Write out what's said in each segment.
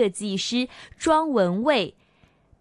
設計師莊文蔚。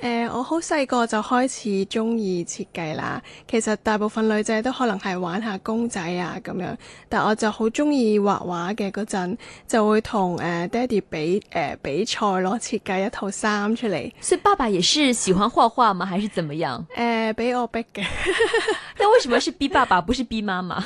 誒、呃，我好細個就開始中意設計啦。其實大部分女仔都可能係玩下公仔啊咁樣，但我就好中意畫畫嘅嗰陣，就會同誒爹哋比誒、呃、比賽咯，設計一套衫出嚟。所以爸爸也是喜歡畫畫嗎？還是怎麼樣？誒、呃，俾我逼嘅。 但為什麼是逼爸爸，不是逼媽媽？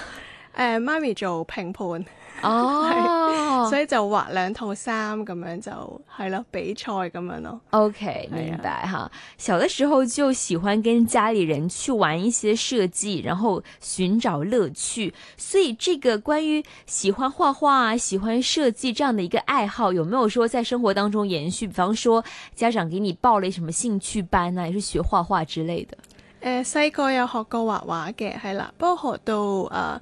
誒媽咪做評判。哦，oh. 所以就畫兩套衫咁樣就係咯，比賽咁樣咯。OK，、啊、明白吓。小的時候就喜歡跟家裏人去玩一些設計，然後尋找樂趣。所以這個關於喜歡畫畫啊，喜歡設計這樣的一個愛好，有沒有說在生活當中延續？比方說家長給你報了什麼興趣班啊，也是學畫畫之類的。誒、呃，細個有學過畫畫嘅，係啦，不過學到誒誒。呃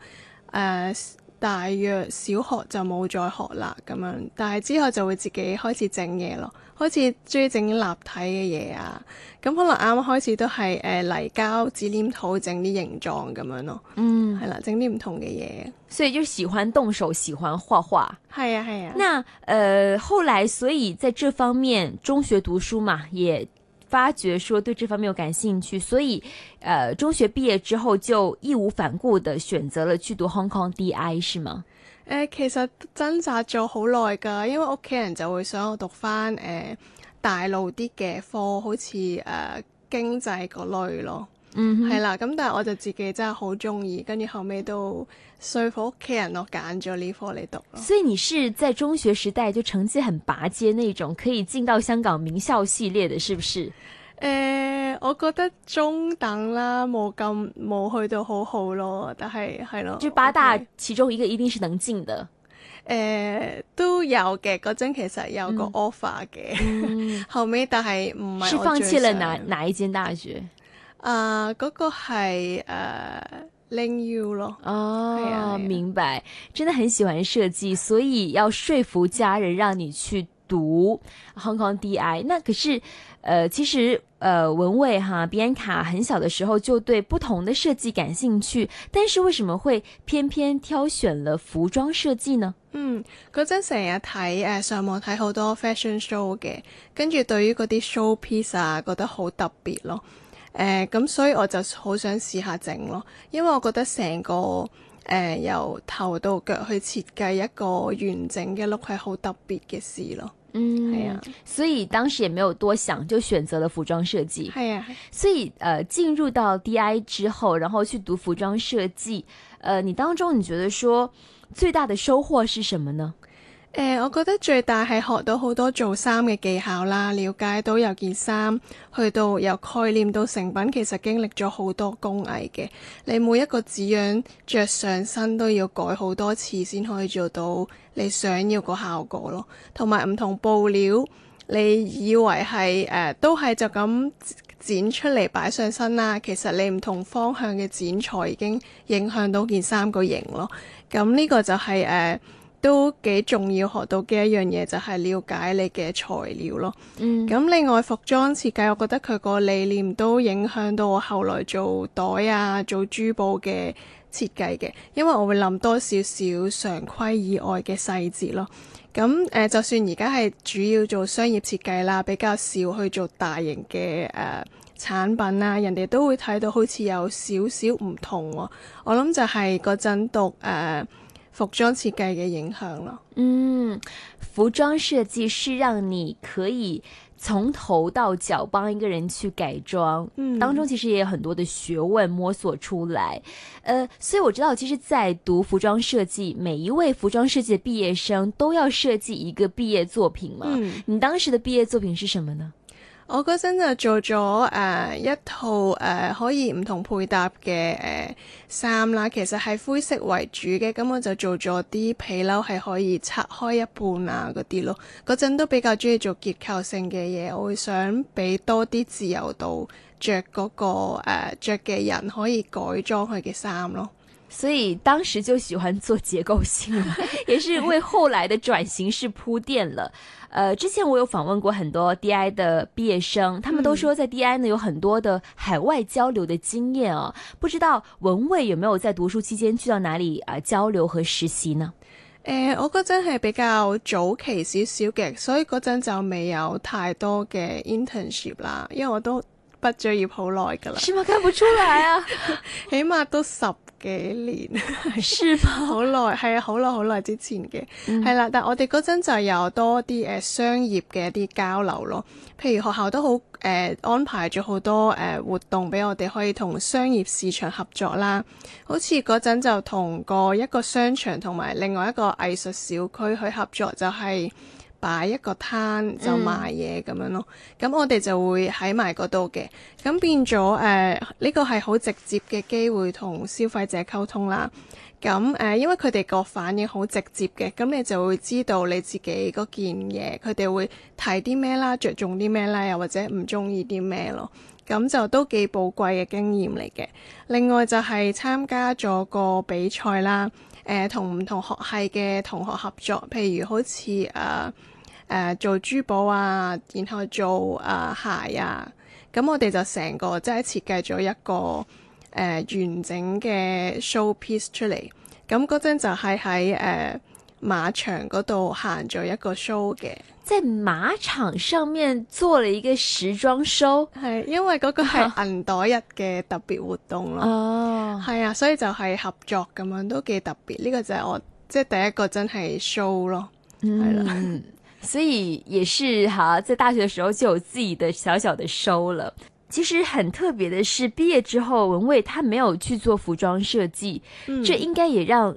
呃大約小學就冇再學啦咁樣，但係之後就會自己開始整嘢咯，開始鍾意整立體嘅嘢啊，咁可能啱啱開始都係誒泥膠紙黏土整啲形狀咁樣咯，嗯，係啦，整啲唔同嘅嘢。所以就喜歡動手，喜歡畫畫。係啊，係啊。那誒、呃，後來所以在這方面，中學讀書嘛，也。發覺說對這方面有感興趣，所以，誒、呃、中學畢業之後就義無反顧地選擇了去讀 Hong Kong DI，是嗎？誒、呃，其實掙扎咗好耐㗎，因為屋企人就會想我讀返誒、呃、大陸啲嘅科，好似誒經濟嗰類咯。嗯，係 啦，咁但係我就自己真係好中意，跟住後尾都說服屋企人我咯，我揀咗呢科嚟讀。所以你是在中學時代就成績很拔尖那種，可以進到香港名校系列嘅，是不是？誒、呃，我覺得中等啦，冇咁冇去到好好咯，但係係咯，就八大其中一個一定是能進的。誒、呃，都有嘅，嗰陣其實有個 offer 嘅，嗯、 後尾但係唔係。是放棄了哪哪一間大學？Uh, uh, oh, 啊，嗰個係誒 lingu 咯，哦，明白，真的很喜歡設計，所以要說服家人讓你去讀 Hong Kong DI。那可是，呃、其實、呃、文偉哈 Bianka 很小的時候就對不同的設計感興趣，但是為什麼會偏偏挑選了服裝設計呢？嗯，嗰陣成日睇誒上網睇好多 fashion show 嘅，跟住對於嗰啲 show piece 啊覺得好特別咯。誒咁、嗯、所以我就好想試下整咯，因為我覺得成個誒、呃、由頭到腳去設計一個完整嘅 look 係好特別嘅事咯。嗯，係啊，所以當時也沒有多想就選擇了服裝設計。係啊，所以誒、呃、進入到 DI 之後，然後去讀服裝設計，誒、呃、你當中你覺得說最大的收穫是什麼呢？誒、呃，我覺得最大係學到好多做衫嘅技巧啦，了解到由件衫去到由概念到成品，其實經歷咗好多工藝嘅。你每一個紙樣着上身都要改好多次先可以做到你想要個效果咯。同埋唔同布料，你以為係誒、呃、都係就咁剪出嚟擺上身啦，其實你唔同方向嘅剪裁已經影響到件衫個型咯。咁、呃、呢、這個就係、是、誒。呃都幾重要學到嘅一樣嘢就係、是、了解你嘅材料咯。咁、嗯、另外服裝設計，我覺得佢個理念都影響到我後來做袋啊、做珠寶嘅設計嘅，因為我會諗多少少常規以外嘅細節咯。咁誒、呃，就算而家係主要做商業設計啦，比較少去做大型嘅誒、呃、產品啦，人哋都會睇到好似有少少唔同喎、哦。我諗就係嗰陣讀、呃。服裝設計的影響咯，嗯，服裝設計是讓你可以從頭到腳幫一個人去改裝，嗯，當中其實也有很多的學問摸索出來，呃，所以我知道其實，在讀服裝設計，每一位服裝設計的畢業生都要設計一個畢業作品嘛，嗯，你當時的畢業作品是什麼呢？我嗰陣就做咗誒、uh, 一套誒、uh, 可以唔同配搭嘅誒衫啦，其實係灰色為主嘅，咁我就做咗啲皮褸係可以拆開一半啊嗰啲咯。嗰陣都比較中意做結構性嘅嘢，我會想俾多啲自由度，着嗰、嗰個誒著嘅人可以改裝佢嘅衫咯。所以當時就喜歡做結構性， 也是為後來的轉型式鋪墊了。誒、呃，之前我有訪問過很多 D.I. 的畢業生，他們都說在 D.I. 呢有很多的海外交流的經驗哦。不知道文蔚有沒有在讀書期間去到哪裡啊、呃、交流和實習呢？誒、呃，我嗰陣係比較早期少少嘅，所以嗰陣就未有太多嘅 internship 啦，因為我都畢咗業好耐噶啦。係咪？看不出來啊， 起碼都十。幾年 久，好耐， 係啊，好耐好耐之前嘅，係啦、嗯。但係我哋嗰陣就有多啲誒商業嘅一啲交流咯。譬如學校都好誒、呃、安排咗好多誒、呃、活動俾我哋可以同商業市場合作啦。好似嗰陣就同過一個商場同埋另外一個藝術小區去合作，就係、是。擺一個攤就賣嘢咁樣咯，咁、嗯、我哋就會喺埋嗰度嘅，咁變咗誒呢個係好直接嘅機會同消費者溝通啦，咁誒、呃、因為佢哋個反應好直接嘅，咁你就會知道你自己嗰件嘢，佢哋會睇啲咩啦，着重啲咩啦，又或者唔中意啲咩咯，咁就都幾寶貴嘅經驗嚟嘅。另外就係參加咗個比賽啦。誒同唔同學系嘅同學合作，譬如好似誒誒做珠寶啊，然後做誒、呃、鞋啊，咁、嗯、我哋就成個即係設計咗一個誒、呃、完整嘅 show piece 出嚟，咁嗰陣就係喺誒馬場嗰度行咗一個 show 嘅。在馬場上面做了一個時裝 show，係因為嗰個係銀袋日嘅特別活動咯，係、oh. 啊，所以就係合作咁樣都幾特別，呢、這個就係我即係、就是、第一個真係 show 咯，係啦、嗯， 所以也是哈、啊，在大學的時候就有自己的小小的 show 了。其實很特別的是，畢業之後文蔚他沒有去做服裝設計，嗯、這應該也讓。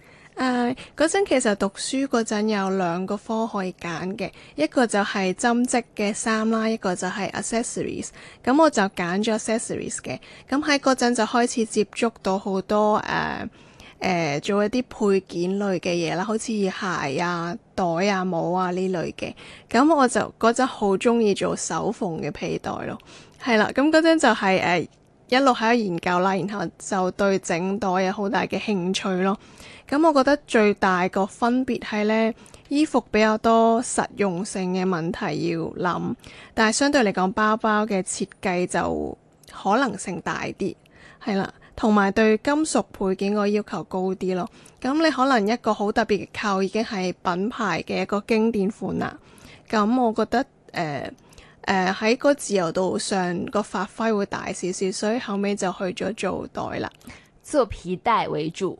啊！嗰陣、uh, 其實讀書嗰陣有兩個科可以揀嘅，一個就係針織嘅衫啦，一個就係 accessories。咁我就揀咗 accessories 嘅。咁喺嗰陣就開始接觸到好多誒誒、uh, uh, 做一啲配件類嘅嘢啦，好似鞋啊、袋啊、帽啊呢、啊、類嘅。咁我就嗰陣好鍾意做手縫嘅皮袋咯，係啦。咁嗰陣就係、是、誒、uh, 一路喺度研究啦，然後就對整袋有好大嘅興趣咯。咁我覺得最大個分別係呢：衣服比較多實用性嘅問題要諗，但係相對嚟講包包嘅設計就可能性大啲，係啦，同埋對金屬配件個要求高啲咯。咁你可能一個好特別嘅扣已經係品牌嘅一個經典款啦。咁我覺得誒誒喺個自由度上、這個發揮會大少少，所以後尾就去咗做袋啦，做皮帶為主。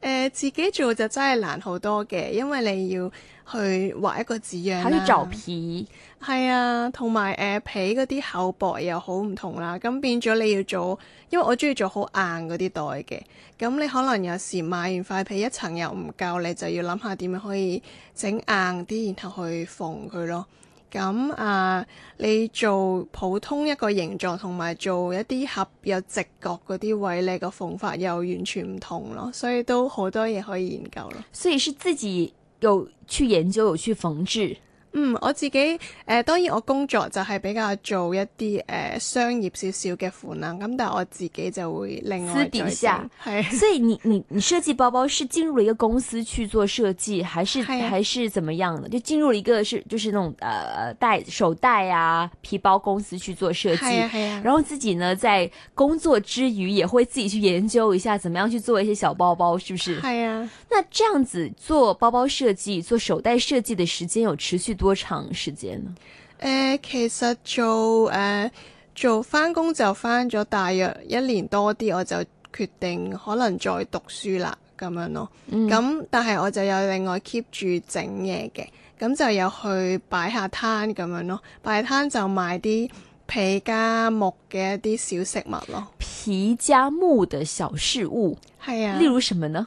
誒、呃、自己做就真係難好多嘅，因為你要去畫一個紙樣啦，做皮係啊，同埋誒皮嗰啲厚薄又好唔同啦，咁變咗你要做，因為我中意做好硬嗰啲袋嘅，咁你可能有時買完塊皮一層又唔夠，你就要諗下點樣可以整硬啲，然後去縫佢咯。咁啊、嗯，你做普通一個形狀，同埋做一啲盒有直角嗰啲位，你個縫法又完全唔同咯，所以都好多嘢可以研究咯。所以是自己有去研究，有去縫製。嗯，我自己誒、呃，當然我工作就係比較做一啲誒、呃、商業少少嘅款啦。咁但我自己就會另外私底下。係，是所以你你你設計包包是進入了一個公司去做設計，還是，是、啊、還是怎麼樣呢？就進入了一個是就是那種呃袋手袋啊皮包公司去做設計，啊啊、然後自己呢在工作之餘也會自己去研究一下，怎麼樣去做一些小包包，是不是？係啊。那這樣子做包包設計、做手袋設計的時間有持續多久？多長時間呢？誒、呃，其實做誒、呃、做翻工就翻咗大約一年多啲，我就決定可能再讀書啦，咁樣咯。咁、嗯嗯、但係我就有另外 keep 住整嘢嘅，咁就有去擺下攤咁樣咯。擺攤就賣啲皮加木嘅一啲小食物咯。皮加木的小事物，係 啊，例如什麼呢？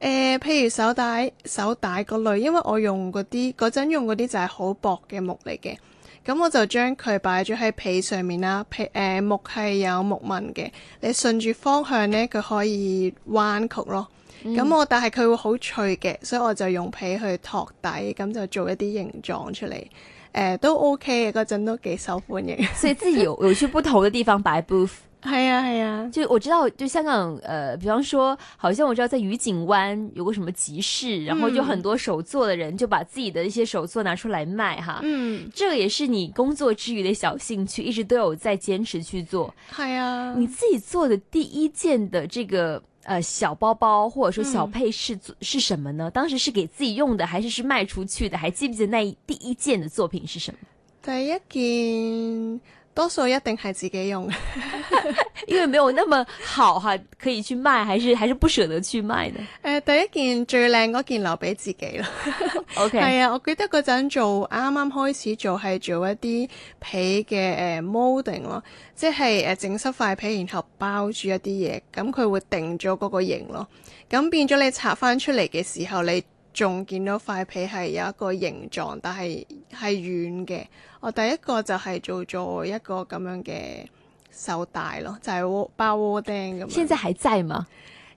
誒、呃，譬如手帶手帶嗰類，因為我用嗰啲嗰陣用嗰啲就係好薄嘅木嚟嘅，咁我就將佢擺咗喺皮上面啦。皮誒、呃、木係有木紋嘅，你順住方向咧，佢可以彎曲咯。咁、嗯、我但係佢會好脆嘅，所以我就用皮去托底，咁就做一啲形狀出嚟。誒、呃、都 OK 嘅，嗰陣都幾受歡迎。所以即係有完 不同嘅地方擺 booth 係啊係啊，啊就我知道，就香港，呃，比方說，好像我知道在愉景灣有個什麼集市，嗯、然後就很多手作的人就把自己的一些手作拿出來賣，哈，嗯，這個也是你工作之餘的小興趣，一直都有在堅持去做。係啊，你自己做的第一件的這個，呃，小包包或者說小配飾，嗯、是什麼呢？當時是給自己用的，還是是賣出去的？還記不記得那第一件的作品是什麼？第一件。多數一定係自己用， 因為沒有那麼好哈、啊，可以去賣，還是還是不捨得去賣呢？誒、呃，第一件最靚嗰件留俾自己咯。O K 係啊，我記得嗰陣做，啱啱開始做係做一啲皮嘅誒、呃、molding 咯，即係誒、呃、整濕塊皮然後包住一啲嘢，咁、嗯、佢會定咗嗰個型咯。咁、嗯、變咗你拆翻出嚟嘅時候，你。仲見到塊皮係有一個形狀，但係係軟嘅。我第一個就係做咗一個咁樣嘅手帶咯，就係、是、窩包窩釘咁。現在還在嗎？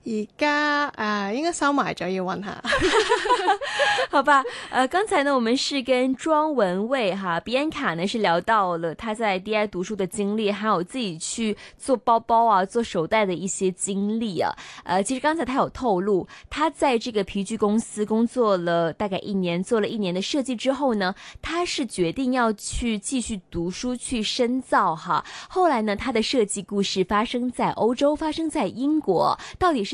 而家啊，應該收埋咗，要問一下， 好吧？呃，剛才呢，我們是跟莊文蔚哈，比安卡呢，是聊到了他在 D.I、y、讀書的經歷，還有自己去做包包啊，做手袋的一些經歷啊。誒、呃，其實剛才他有透露，他在這個皮具公司工作了大概一年，做了一年的設計之後呢，他是決定要去繼續讀書去深造哈。後來呢，他的設計故事發生在歐洲，發生在英國，到底是？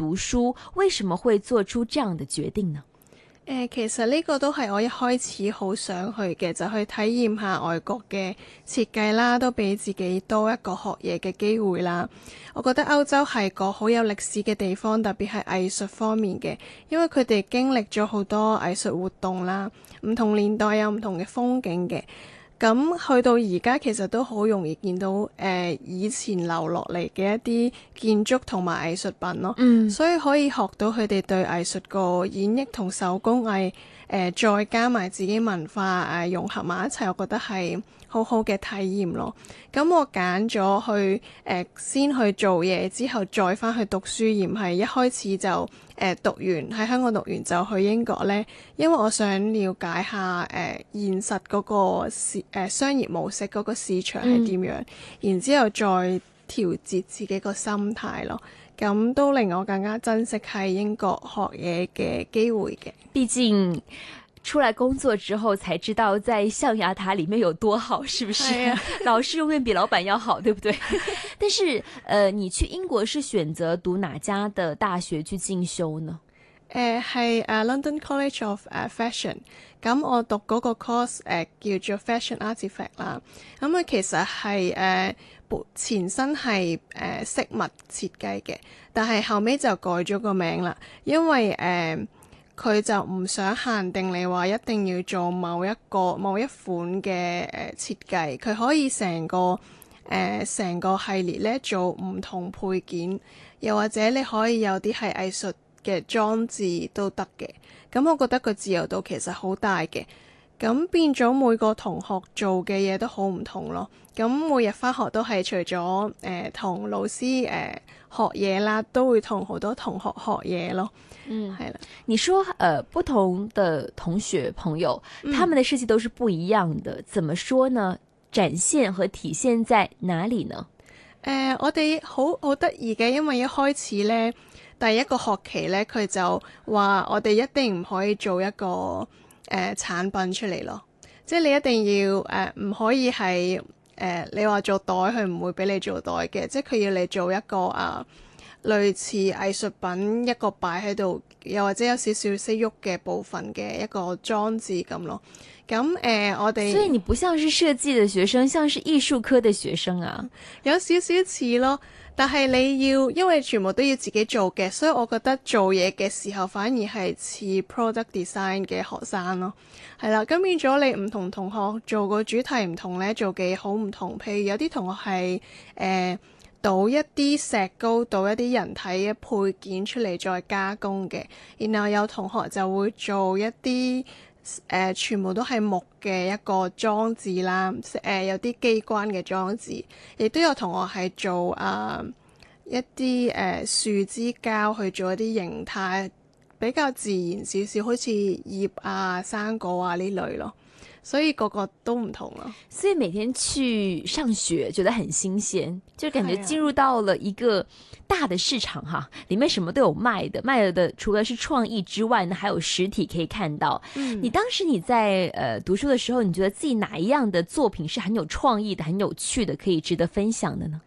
讀書為什麼會做出這樣的決定呢？誒，其實呢個都係我一開始好想去嘅，就去體驗下外國嘅設計啦，都俾自己多一個學嘢嘅機會啦。我覺得歐洲係個好有歷史嘅地方，特別係藝術方面嘅，因為佢哋經歷咗好多藝術活動啦，唔同年代有唔同嘅風景嘅。咁去到而家，其實都好容易見到誒、呃、以前留落嚟嘅一啲建築同埋藝術品咯，嗯、所以可以學到佢哋對藝術個演繹同手工藝誒、呃，再加埋自己文化誒、呃、融合埋一齊，我覺得係好好嘅體驗咯。咁、嗯、我揀咗去誒、呃、先去做嘢，之後再翻去讀書，而唔係一開始就。誒、讀完，喺香港讀完就去英國咧，因為我想了解下誒、呃、現實嗰個市誒、呃、商業模式嗰個市場係點樣，嗯、然之後再調節自己個心態咯。咁都令我更加珍惜喺英國學嘢嘅機會嘅。出來工作之後，才知道在象牙塔裏面有多好，是不是？ 老師永遠比老板要好，對不對？ 但是，呃，你去英國是選擇讀哪家的大學去進修呢？誒、呃，係、uh, London College of、uh, Fashion，咁我讀嗰個 course 誒、呃、叫做 Fashion Artifact 啦，咁、嗯、佢其實係誒、呃、前身係誒飾物設計嘅，但係後尾就改咗個名啦，因為誒。呃佢就唔想限定你話一定要做某一個、某一款嘅誒設計，佢可以成個誒成個系列咧做唔同配件，又或者你可以有啲係藝術嘅裝置都得嘅。咁我覺得佢自由度其實好大嘅。咁變咗每個同學做嘅嘢都好唔同咯。咁每日返學都係除咗誒同老師誒、呃、學嘢啦，都會同好多同學學嘢咯。嗯，係啦。你話誒、呃、不同的同學朋友，嗯、他們的事情都是不一樣的。怎麼說呢？展現和體現在哪裏呢？誒、呃，我哋好好得意嘅，因為一開始咧第一個學期咧，佢就話我哋一定唔可以做一個。誒、呃、產品出嚟咯，即係你一定要誒唔、呃、可以係誒、呃、你話做袋佢唔會俾你做袋嘅，即係佢要你做一個啊類似藝術品一個擺喺度，又或者有少少識喐嘅部分嘅一個裝置咁咯。咁、嗯、誒、呃，我哋，所以你不像是設計嘅學生，像是藝術科嘅學生啊，嗯、有少少似咯。但係你要，因為全部都要自己做嘅，所以我覺得做嘢嘅時候反而係似 product design 嘅學生咯，係啦。咁變咗你唔同同學做個主題唔同咧，做嘅嘢好唔同。譬如有啲同學係誒、呃、倒一啲石膏，倒一啲人體嘅配件出嚟再加工嘅，然後有同學就會做一啲。誒、呃、全部都係木嘅一個裝置啦，誒、呃、有啲機關嘅裝置，亦都有同學係做誒、呃、一啲誒、呃、樹枝膠去做一啲形態比較自然少少，好似葉啊、生果啊呢類咯。所以個個都唔同咯。所以每天去上學，覺得很新鮮，就感覺進入到了一個大的市場、啊、哈，裏面什麼都有賣的，賣的除了是創意之外呢，呢還有實體可以看到。嗯，你當時你在誒、呃、讀書的時候，你覺得自己哪一樣的作品是很有創意的、很有趣的，可以值得分享的呢？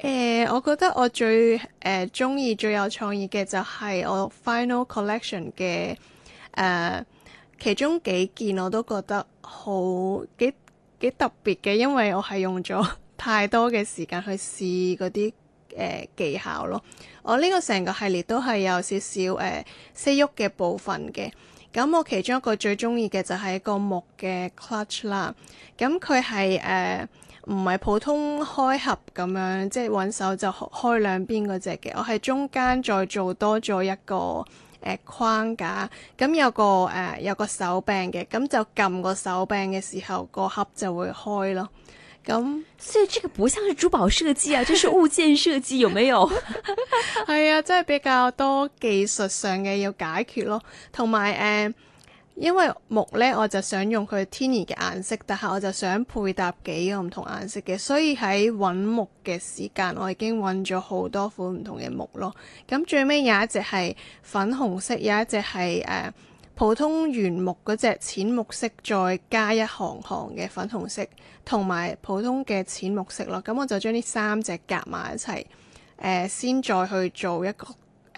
誒、呃，我覺得我最誒中意最有創意嘅就係我 Final Collection 嘅誒。呃其中幾件我都覺得好幾幾特別嘅，因為我係用咗太多嘅時間去試嗰啲誒技巧咯。我呢個成個系列都係有少少誒識喐嘅部分嘅。咁我其中一個最中意嘅就係一個木嘅 clutch 啦。咁佢係誒唔係普通開合咁樣，即係揾手就開兩邊嗰隻嘅。我係中間再做多咗一個。誒、呃、框架咁、嗯、有個誒、呃、有個手柄嘅，咁、嗯、就撳個手柄嘅時候，個盒就會開咯。咁、嗯、所以這個不像是珠寶設計啊， 這是物件設計，有沒有？係 啊，即係比較多技術上嘅要解決咯，同埋誒。呃因為木咧，我就想用佢天然嘅顏色，但係我就想配搭幾個唔同顏色嘅，所以喺揾木嘅時間，我已經揾咗好多款唔同嘅木咯。咁最尾有一隻係粉紅色，有一隻係誒普通原木嗰隻淺木色，再加一行行嘅粉紅色，同埋普通嘅淺木色咯。咁我就將呢三隻夾埋一齊，誒、呃、先再去做一個。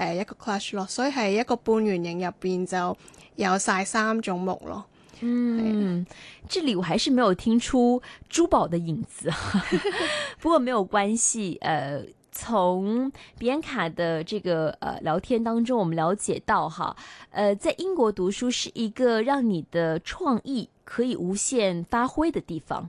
誒一個 clash 咯，所以係一個半圓形入邊就有曬三種木咯。嗯，嗯，這裡我還是沒有聽出珠寶的影子， 不過沒有關係。誒、呃，從比安卡的這個誒聊天當中，我們了解到哈，誒、呃，在英國讀書是一個讓你的創意可以無限發揮的地方。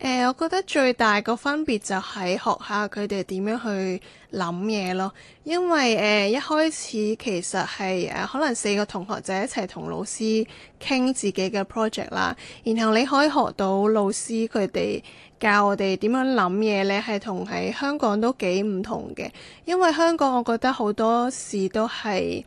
誒、呃，我覺得最大個分別就係學下佢哋點樣去諗嘢咯，因為誒、呃、一開始其實係誒可能四個同學仔一齊同老師傾自己嘅 project 啦，然後你可以學到老師佢哋教我哋點樣諗嘢咧，係同喺香港都幾唔同嘅，因為香港我覺得好多事都係誒、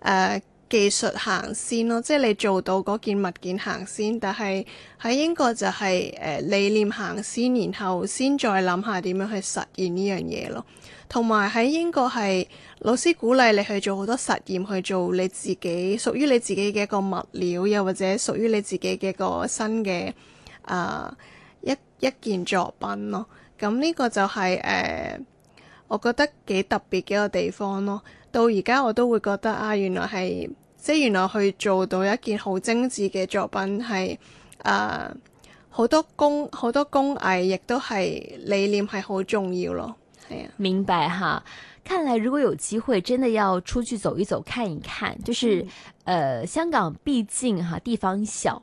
呃技術行先咯，即係你做到嗰件物件行先，但係喺英國就係、是、誒、呃、理念行先，然後先再諗下點樣去實現呢樣嘢咯。同埋喺英國係老師鼓勵你去做好多實驗，去做你自己屬於你自己嘅一個物料，又或者屬於你自己嘅個新嘅啊、呃、一一件作品咯。咁、嗯、呢、這個就係、是、誒、呃、我覺得幾特別嘅一個地方咯。到而家我都會覺得啊，原來係～即係原來去做到一件好精緻嘅作品係，誒，好多工、好多工藝，亦都係理念係好重要咯。係啊，明白哈。看來如果有機會，真的要出去走一走，看一看。就是誒，呃，香港畢竟哈地方小。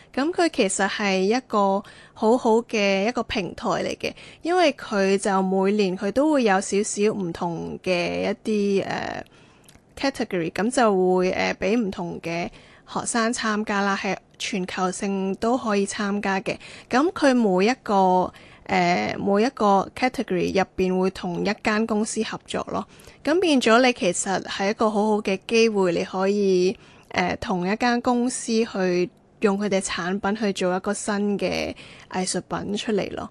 咁佢其實係一個好好嘅一個平台嚟嘅，因為佢就每年佢都會有少少唔同嘅一啲誒、uh, category，咁就會誒俾唔同嘅學生參加啦，係全球性都可以參加嘅。咁佢每一個誒、uh, 每一個 category 入邊會同一間公司合作咯，咁變咗你其實係一個好好嘅機會，你可以誒、uh, 同一間公司去。用佢哋產品去做一個新嘅藝術品出嚟咯。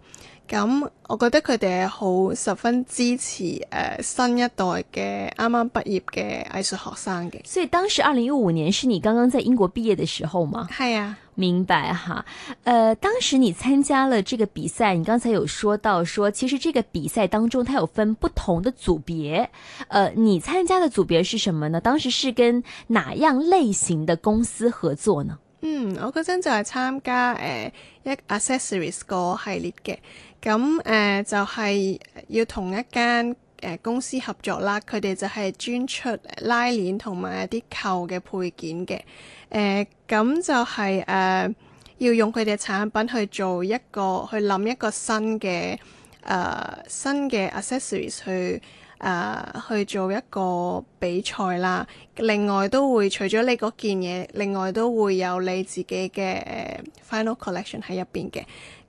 咁、嗯、我覺得佢哋係好十分支持誒、呃、新一代嘅啱啱畢業嘅藝術學生嘅。所以當時二零一五年是你剛剛在英國畢業嘅時候嗎？係啊，明白哈。誒、呃，當時你參加了這個比賽，你剛才有說到，說其實這個比賽當中，它有分不同的組別、呃。你參加的組別是什麼呢？當時是跟哪樣類型的公司合作呢？嗯，我嗰陣就係參加誒、呃、一 accessories 個系列嘅，咁誒、呃、就係、是、要同一間誒、呃、公司合作啦。佢哋就係專出拉鏈同埋一啲扣嘅配件嘅，誒、呃、咁就係、是、誒、呃、要用佢哋嘅產品去做一個去諗一個新嘅誒、呃、新嘅 accessories 去。誒、uh, 去做一個比賽啦，另外都會除咗你嗰件嘢，另外都會有你自己嘅、uh, Final Collection 喺入邊嘅。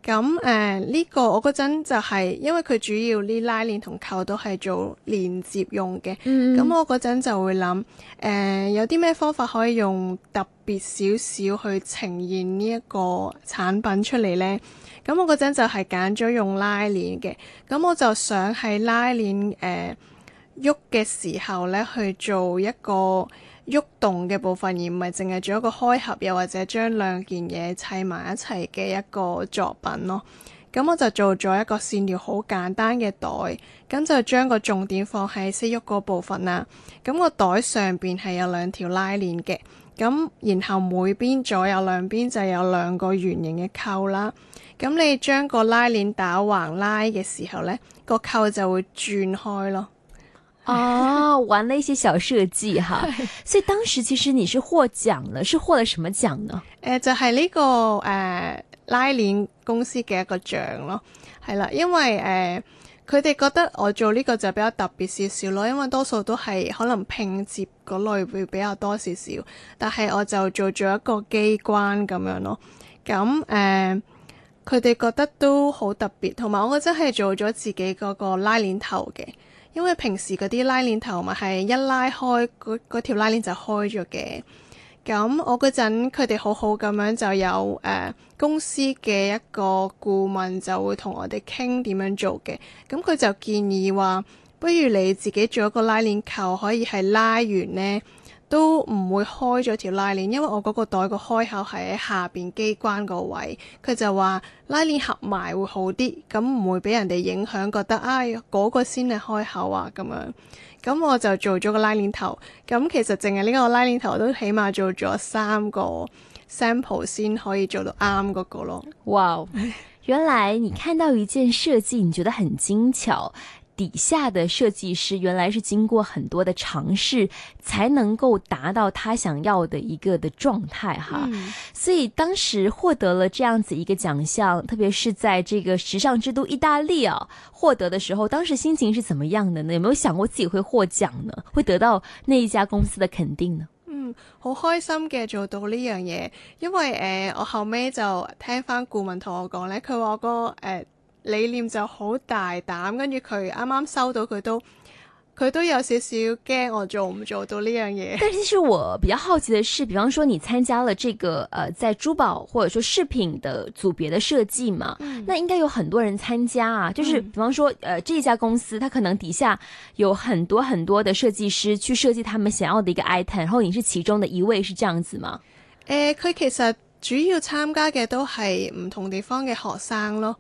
咁誒呢個我嗰陣就係、是、因為佢主要呢拉鏈同扣都係做連接用嘅，咁、mm. 嗯、我嗰陣就會諗誒、uh, 有啲咩方法可以用特別少少去呈現呢一個產品出嚟咧。咁我嗰陣就係揀咗用拉鏈嘅，咁我就想喺拉鏈誒喐嘅時候咧去做一個喐動嘅部分，而唔係淨係做一個開合又，又或者將兩件嘢砌埋一齊嘅一個作品咯。咁我就做咗一個線條好簡單嘅袋，咁就將個重點放喺識喐嗰部分啦。咁個袋上邊係有兩條拉鏈嘅。咁，然後每邊左右兩邊就有兩個圓形嘅扣啦。咁你將個拉鏈打橫拉嘅時候呢個扣就會轉開咯。哦，玩呢一些小設計哈。 所以當時其實你是獲獎了，是獲了什麼獎呢？誒、呃，就係、是、呢、這個誒、呃、拉鏈公司嘅一個獎咯。係啦，因為誒。呃佢哋覺得我做呢個就比較特別少少咯，因為多數都係可能拼接嗰類會比較多少少，但係我就做咗一個機關咁樣咯。咁誒，佢哋覺得都好特別，同埋我真係做咗自己嗰個拉鏈頭嘅，因為平時嗰啲拉鏈頭咪係一拉開嗰嗰條拉鏈就開咗嘅。咁我嗰陣佢哋好好咁樣就有誒、啊、公司嘅一個顧問就會同我哋傾點樣做嘅。咁佢就建議話，不如你自己做一個拉鏈扣，可以係拉完呢都唔會開咗條拉鏈，因為我嗰個袋個開口係喺下邊機關個位。佢就話拉鏈合埋會好啲，咁唔會俾人哋影響覺得，唉、哎、嗰、嗰個先係開口啊咁樣。咁、嗯、我就做咗個拉鍊頭，咁、嗯、其實淨係呢個拉鍊頭，我都起碼做咗三個 sample 先可以做到啱嗰個咯。哇！Wow, 原來你看到一件設計，你覺得很精巧。底下的設計師原來是經過很多的嘗試，才能夠達到他想要的一個的狀態、嗯、哈，所以當時獲得了這樣子一個獎項，特別是在這個時尚之都意大利啊獲得的時候，當時心情是怎麼樣的呢？有沒有想過自己會獲獎呢？會得到那一家公司的肯定呢？嗯，好開心嘅做到呢樣嘢，因為誒、呃、我後尾就聽翻顧問同我講咧，佢話個誒。呃理念就好大膽，跟住佢啱啱收到，佢都佢都有少少驚。我做唔做到呢樣嘢？但係其實我比較好奇的是，比方說你參加了這個呃，在珠寶或者說飾品的組別的設計嘛？嗯、那應該有很多人參加啊。就是比方說呃，這家公司，它可能底下有很多很多的設計師去設計他們想要的一個 item，然後你是其中的一位，是這樣子嗎？誒、呃，佢其實主要參加嘅都係唔同地方嘅學生咯。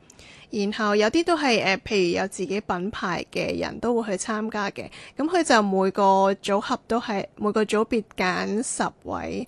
然後有啲都係誒，譬如有自己品牌嘅人都會去參加嘅。咁佢就每個組合都係每個組別揀十位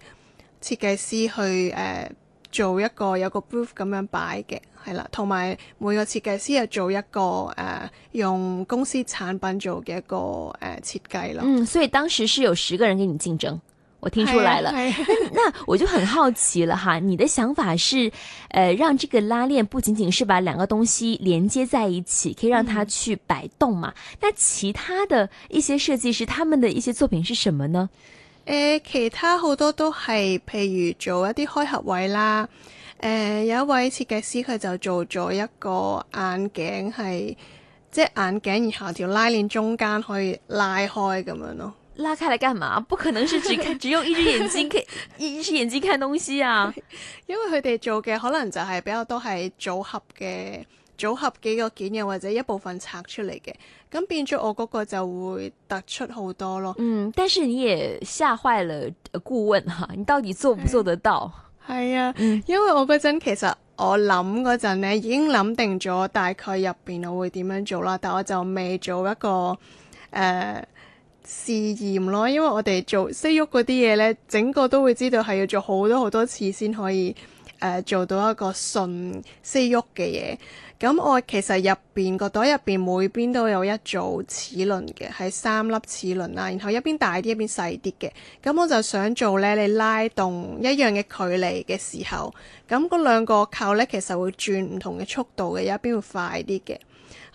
設計師去誒、呃、做一個有個 proof 咁樣擺嘅，係啦。同埋每個設計師又做一個誒、呃、用公司產品做嘅一個誒設計咯。呃、嗯，所以當時是有十個人跟你競爭。我聽出來了，啊啊、 那我就很好奇了哈，你的想法是，誒、呃，讓這個拉鏈不僅僅是把兩個東西連接在一起，可以讓它去擺動嘛？嗯、那其他的一些設計師，他們的一些作品是什麼呢？誒、呃，其他好多都係，譬如做一啲開合位啦，誒、呃，有一位設計師佢就做咗一個眼鏡係，即、就、係、是、眼鏡以下條拉鏈中間可以拉開咁樣咯。拉開嚟幹嘛？不可能是只看只用一隻眼睛，看 一隻眼睛看東西啊！因為佢哋做嘅可能就係比較多係組合嘅組合幾個件，又或者一部分拆出嚟嘅，咁變咗我嗰個就會突出好多咯。嗯，但是你也嚇壞了顧問哈、啊，你到底做唔做得到？係啊， 因為我嗰陣其實我諗嗰陣咧，已經諗定咗大概入邊我會點樣做啦，但我就未做一個誒。呃試驗咯，因為我哋做識喐嗰啲嘢咧，整個都會知道係要做好多好多次先可以誒、呃、做到一個順識喐嘅嘢。咁我其實入邊個袋入邊每邊都有一組齒輪嘅，係三粒齒輪啦，然後一邊大啲一邊細啲嘅。咁我就想做咧，你拉動一樣嘅距離嘅時候，咁嗰兩個扣咧其實會轉唔同嘅速度嘅，有一邊會快啲嘅。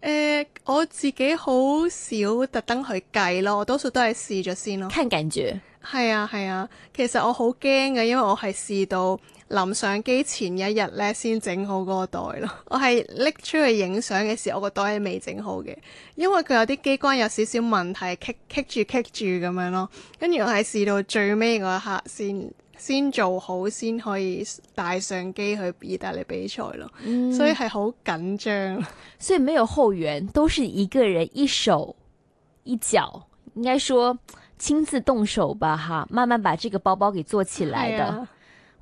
誒，uh, 我自己好少特登去計咯，我多數都係試咗先咯。看緊住，係啊係啊，其實我好驚嘅，因為我係試到臨上機前一日咧，先整好嗰個袋咯。 我係拎出去影相嘅時，我個袋係未整好嘅，因為佢有啲機關有少少問題，棘棘住棘住，咁樣咯。跟住我係試到最尾嗰刻先。先做好先可以帶相機去意大利比賽咯，嗯、所以係好緊張。所以沒有後援，都是一個人一手一腳，應該說親自動手吧，哈，慢慢把這個包包給做起來的。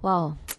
哇 Yeah.、wow.